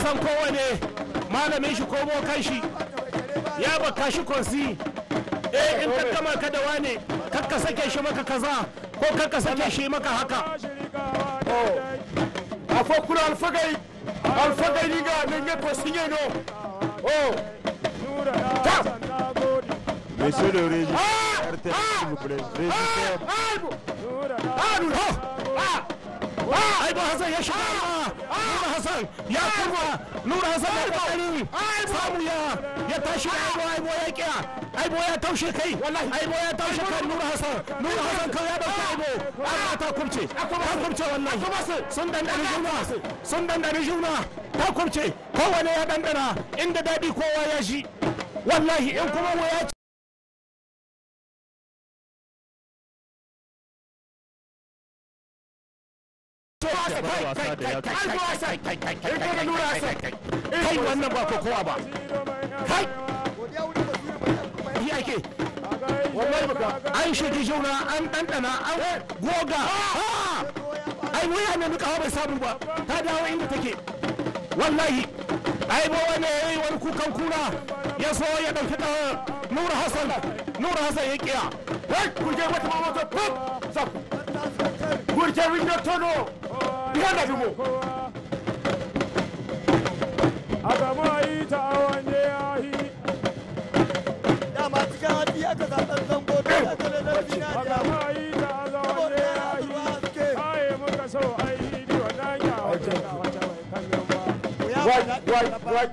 san kowane malamin shi ko bokan shi ya baka shi kwansi eh in ka gama ka da wane kakka sake shi maka kaza ko kakka sake shi maka haka oh. a alfagai alfagai ni ga nan ya ne no Monsieur le régisseur, s'il vous plaît. Régisseur. Ah, ah, ah, ah, ah, ah, ah, ah, Ah! aibu hassan ya shiga ah! Ah! nura hassan ya kurwa nura hassan ya kokari samu ya ya tashi aibu aibu ya kiya aibu ya taushe kai aibu ya taushe kai nura hassan nura hassan kawai ya dauki aibu amma ta kurce ta kurce wannan sun dandana juna sun dandana juna ta kurce kowane ya dandana inda daɗi kowa ya shi wallahi in kuma ya kai kai kai kai kai wannan ba kokowa ba kai ake an shaki shauna an ɗanɗana an goga ai wuya ne nuka bai samu ba ta dawo inda take wallahi ai ba wani yayi wani kukan kura ya so ya ɗauki da nura hassan nura hassan ya kiya kurje mata mamata pop gurje windo tono behind that remote. Azamai ta wanje yahi. Dama cikin Wai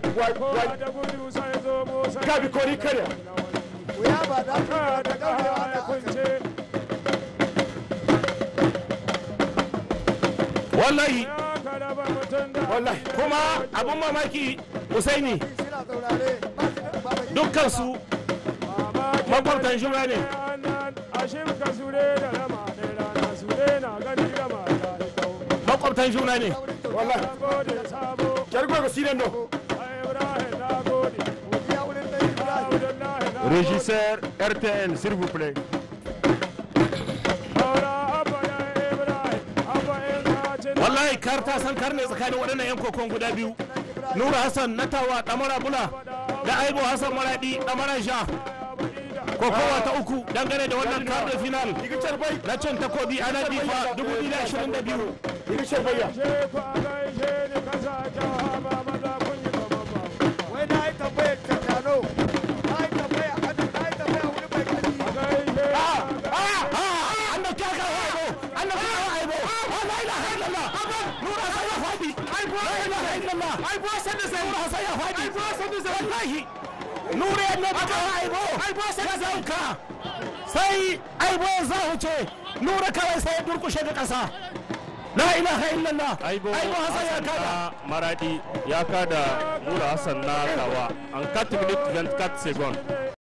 wai wai wai wai. wallahi régisseur RTN s'il vous plaît wallahi ta san kar ne tsakanin waɗannan 'yan kokon guda biyu nura hassan na tawa ɗamara bula da aibo hassan maraɗi damara sha kokowa ta uku dangane da wannan kar final na cin takobi a na difa ah, ah, ah, 2022 illallah nur ya faɗi, ai bo san da sai nur hasan ya san da ya ka sai ai bo za huce nur kawai sai ya durkushe da ƙasa. la ilaha illallah ai hasan ya kada maradi ya kada nur hasan na kawa an 4 24 seconds